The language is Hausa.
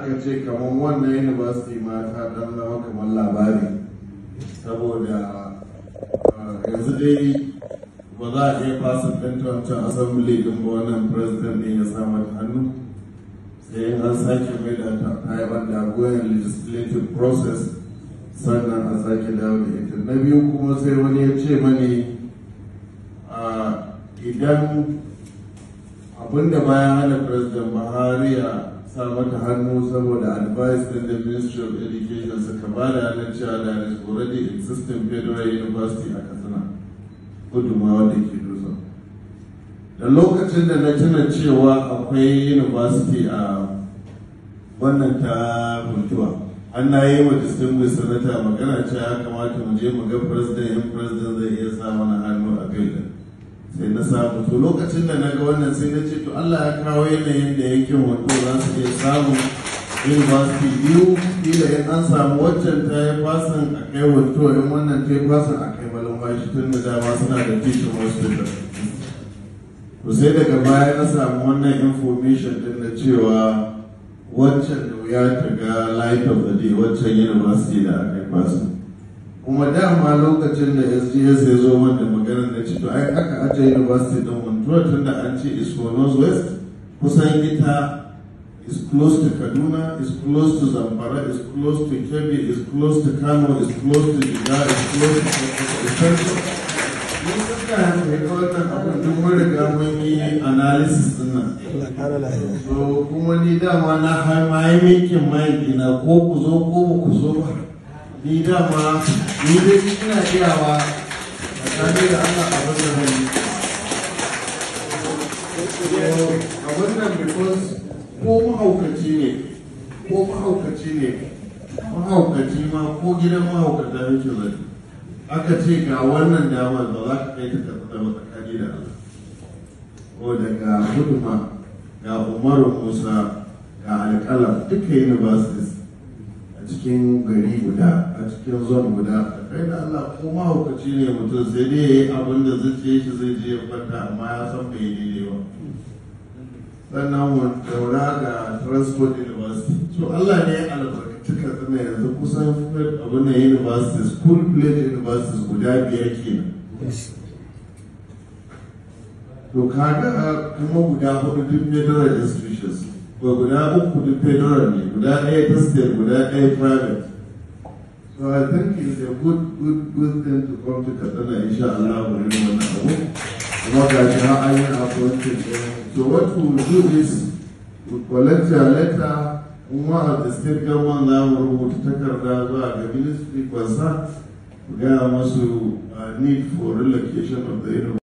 aka ce kamar wannan university ma ta dan zama kamar labari saboda eh, yanzu dai ba za a iya fasa wancan assembly din ba wannan president ne ya sa hannu sai an sake mai da ta haifar da goyon legislative process sannan a sake dawo da ita na biyu kuma sai wani ya ce mani eh, idan abinda bayan hana president buhari ya sa hannu saboda advice din da ministry of education suka ba da na cewa da is already existing federal university a katsina gudumawa da ke dusa. da lokacin da na tuna cewa akwai university a wannan ta mutuwa. an na yi wa distinguished senator magana cewa ya kamata mu je mu ga president yin president zai iya sa mana hannu a kai samu to lokacin da na ga wannan sai na ce to Allah ya kawo yanayin da ke wato za su iya samun su biyu kila in an samu waccan ta yi fasin a kai wato in wannan ta yi fasin a kai balambashi tun da dama suna da wasu hospital to sai daga baya na samu wannan information din na cewa waccan da ta ga light of the day waccan da aka yi fasin kuma dama lokacin da sgs ya zo wanda magana aka ce to ai aka ajiye university don Honduras tun da an ce is for west kusan ita is close to Kaduna, is close to Zamfara, is close to Kebbi, is close to Kano, is close to Jiga, is close to Sokoto. yi kuma ni dama na har ma yi mikin gina ko ku zo ko ku zo ba. Ni dama ni dai ina iyawa da ana abin da hannu abin because ko mahaukaci ne ko mahaukaci ne mahaukaci ma ko gidan mahaukata ke zai aka ce ga wannan damar ba za ka kai ta tafi da da Allah ko daga huduma ga umaru musa ga alƙalam duka universities cikin gari guda a cikin zon guda kai da Allah ko mahaukaci ne mutum sai dai ya yi abin da zuciya shi zai je kwanta amma ya san bai daidai ba sannan mu daura ga transport university to Allah ne ya albarkaci ka tsana yanzu kusan abin da university school plate university guda biyar kenan to kaga kuma guda hudu duk ne darajar institutions to guda the duk army, ne guda ɗaya ta state guda private so i think it's a good good good thing to come to katsina Inshallah, Allah will rin wannan abu kuma ga shi you? so what we will do is we collect your letter kuma a the state government za mu rubuta takarda zuwa the ministry concerned we gaya masu need for relocation of the university